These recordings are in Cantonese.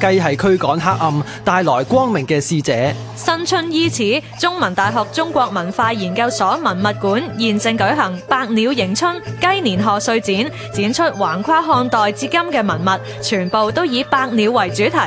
雞係驅趕黑暗、帶來光明嘅使者。新春伊始，中文大學中國文化研究所文物館現正舉行“百鳥迎春”雞年賀歲展，展出橫跨漢代至今嘅文物，全部都以百鳥為主題。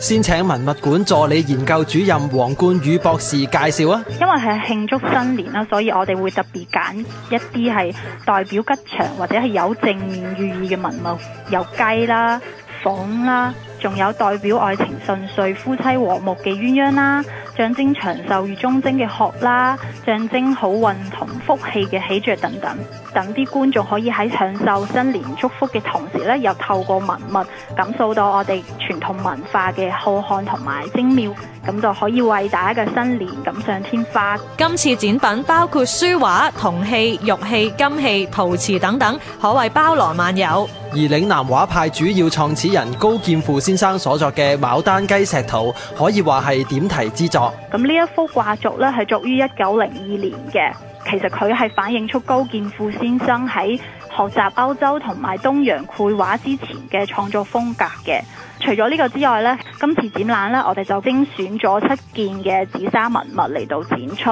先請文物館助理研究主任王冠宇博士介紹啊。因為係慶祝新年啦，所以我哋會特別揀一啲係代表吉祥或者係有正面寓意嘅文物，有雞啦。房啦，仲有代表愛情順遂、夫妻和睦嘅鴛鴦啦。象徵長壽與忠貞嘅鶴啦，象徵好運同福氣嘅喜鵲等等，等啲觀眾可以喺享受新年祝福嘅同時咧，又透過文物感受到我哋傳統文化嘅浩瀚同埋精妙，咁就可以為大家嘅新年錦上添花。今次展品包括書畫、銅器、玉器、金器、陶瓷等等，可謂包羅萬有。而嶺南畫派主要創始人高劍父先生所作嘅《牡丹雞石圖》，可以話係點題之作。咁、哦、呢一幅掛軸咧係作於一九零二年嘅，其實佢係反映出高劍父先生喺學習歐洲同埋東洋繪畫之前嘅創作風格嘅。除咗呢個之外咧，今次展覽咧我哋就精選咗七件嘅紫砂文物嚟到展出。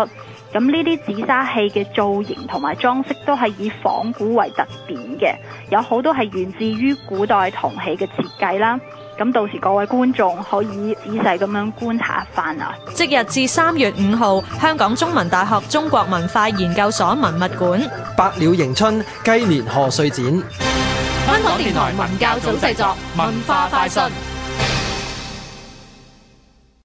咁呢啲紫砂器嘅造型同埋裝飾都係以仿古為特點嘅，有好多係源自於古代銅器嘅設計啦。咁到時各位觀眾可以仔細咁樣觀察一番啦。即日至三月五號，香港中文大學中國文化研究所文物館《百鳥迎春雞年賀歲展》。香港電台文教組製作《文化快訊》。